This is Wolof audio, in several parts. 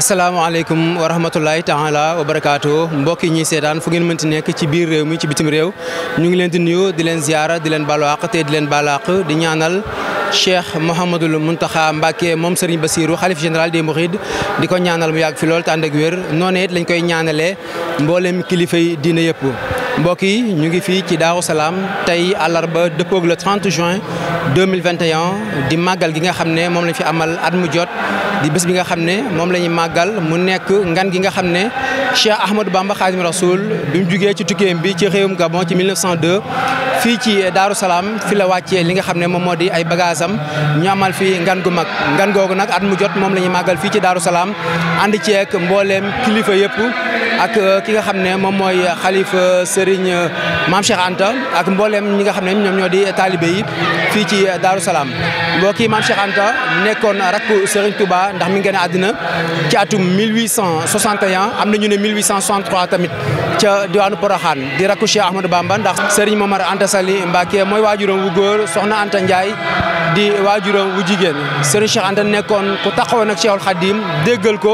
asalaamaaleykum wa rahmatulahi taala wa barakaatu mbokk yi ñuy seetaan fu ngeen mënti nekk ci biir réew mi ci bitim réew ñu ngi leen di nuyu di leen ziara di leen balwaq te di leen balaq di ñaanal cheikh Mouhamadul Mountakha Mbacke moom Serigne Bassirou xalif général des Mourides di ko ñaanal mu yàgg fi lool te ànd ak wér noonu it lañ koy ñaanalee mboolem kilifa yi diine yëpp. mbokk yi ñu ngi fii ci Daaru Salaam tey àllarba dëppoog le 30 juin 2021 di màggal gi nga xam ne moom lañ fi amal at mu jot di bés bi nga xam ne moom la ñuy màggal mu nekk ngan gi nga xam ne Cheikh Ahmadou Bamba Khadim Rasoul bi mu jugee ci tukkeem bi ci réewum Gabon ci 1902 fii ci Daaru Salaam fi la wàccee li nga xam ne moom moo di ay bagages am ñu fii ngan gu mag ngan googu nag at mu jot moom la ñuy màggal fii ci Daaru Salaam ànd ceeg mbooleem kilifa yëpp ak euh, ki nga xam ne moom mooy xalifa Serigne euh, Maam Cheikh Anta ak mbooleem ñi nga xam ne ñoom ñoo di taalibe ci Daaru Salaam mbokk yi maam Anta nekkoon rakku Serigne tubaa ndax mi ngi génn àddina ci atum 1861 am na ñu ne 1863 tamit ca diwaanu Porokhane di rakku Cheikh Ahmadou Bamba ndax Serigne Momar Anta Sali Mbacke mooy waajuram wu góor soxna Anta Ndiaye di waajuram wu jigéen Serigne Cheikh Anta nekkoon ku taxawoon ak Cheikhul Khadim déggal ko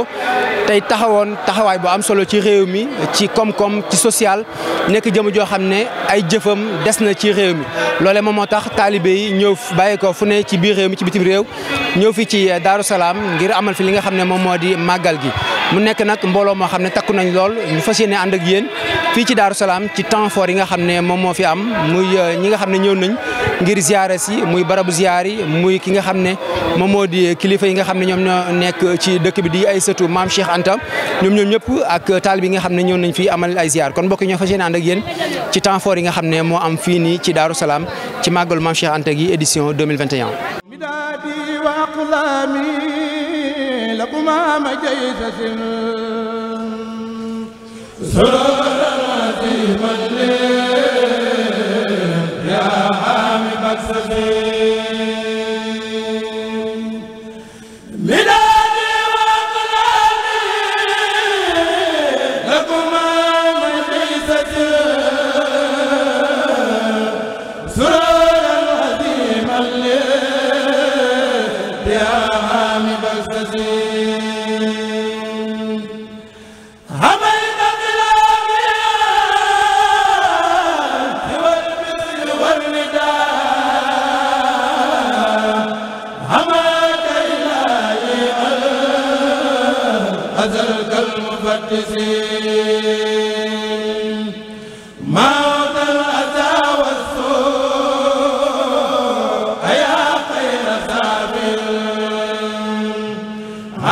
tey taxawoon taxawaay bu am solo ci réew mi ci koom-koom ci social nekk jëm joo xam ne ay jëfam des na ci réew mi loole moom moo tax taalibe yi ñëw bàyyi ko fu ne ci biir réew mi ci bitim réew ñëw fi ci Daaru Salaam ngir amal fi li nga xam ne moom moo di màggal gi mu nekk nag mbooloo moo xam ne takku nañ lool ñu fas yéene ànd ak yéen fii ci Daaru Salaam ci temps fort yi nga xam ne moom moo fi am muy euh, ñi nga xam ne ñëw nañ ngir ziyaare si muy barabu ziyaar yi muy ki nga xam ne moom moo di kilifa yi nga xam ne ñoom ñoo nekk ci dëkk bi di ay sëtu maam Cheikh Anta ñoom ñoom ñëpp ak taalibe yi nga xam ne ñëw nañ fii amal ay ziyaar kon mbokk ñoo fa yéene ànd ak yéen ci temps fort yi nga xam ne moo am fii nii ci Daaru Salaam ci màggal maam Cheikh Anta gi édition 2021 كما مجيت سن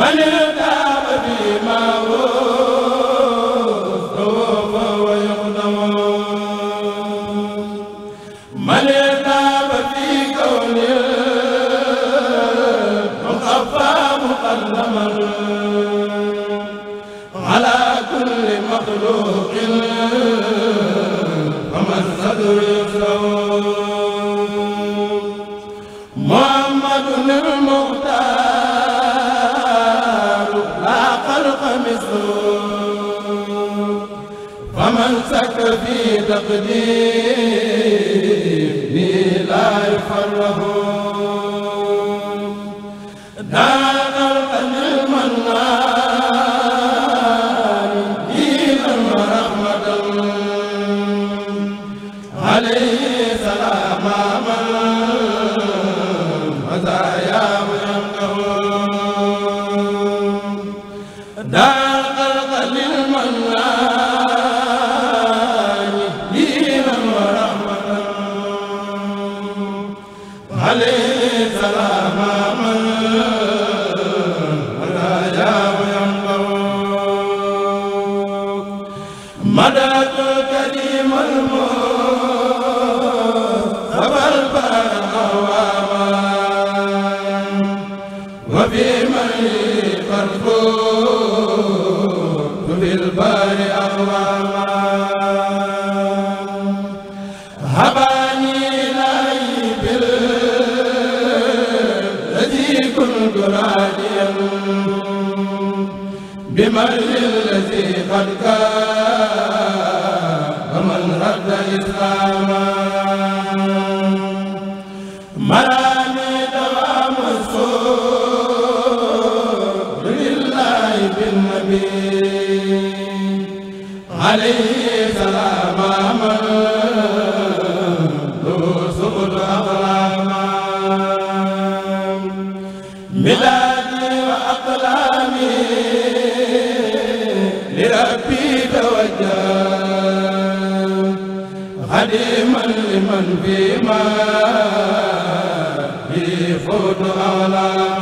man daa al man الذي قد كان ومن رد إسلامه man bi ma bi foto ala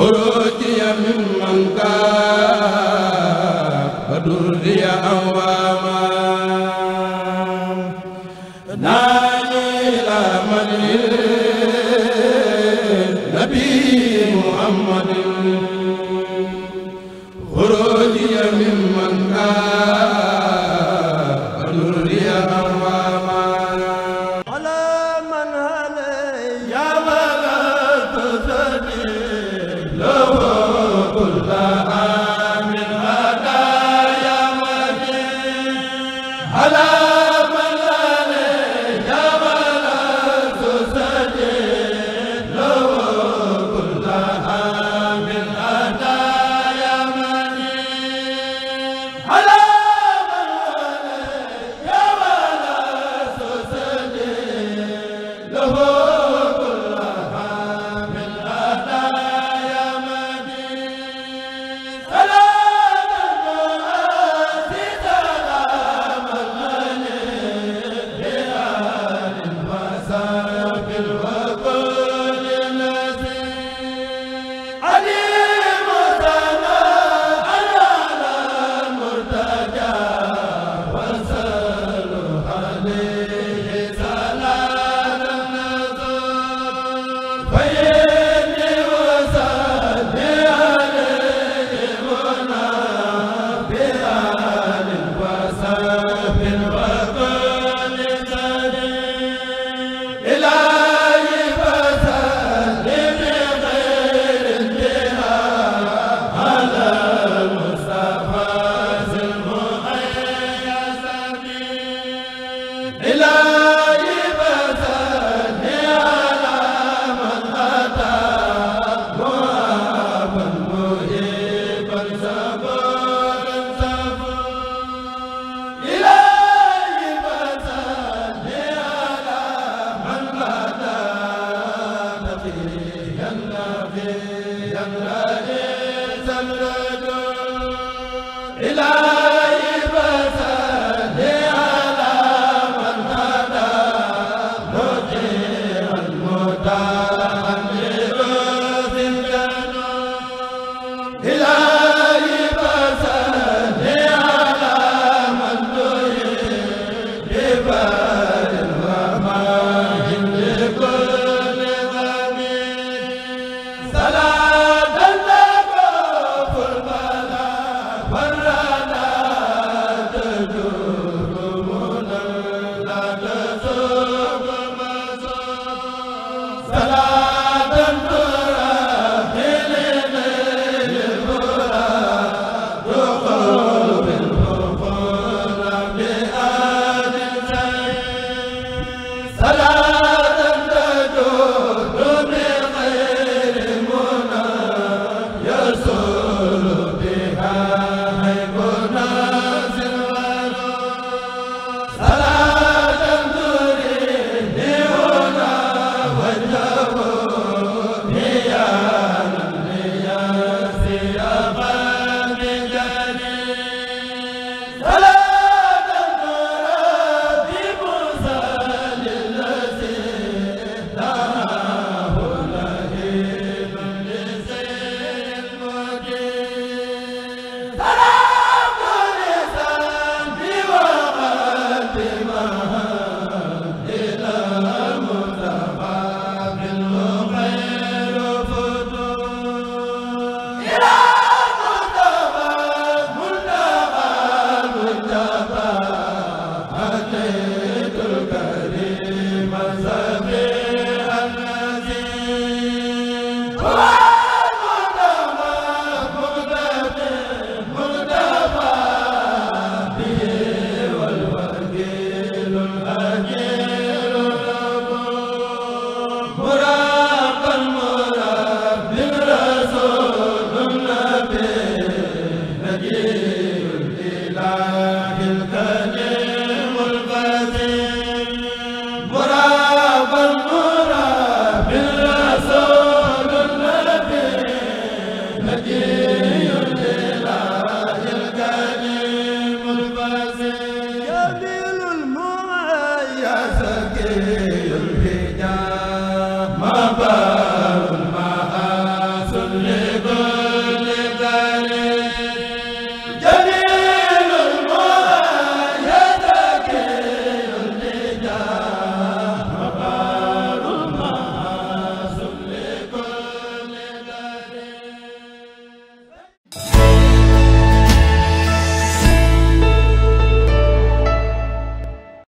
خروجي من من كان فدري أواما ناني لا من ila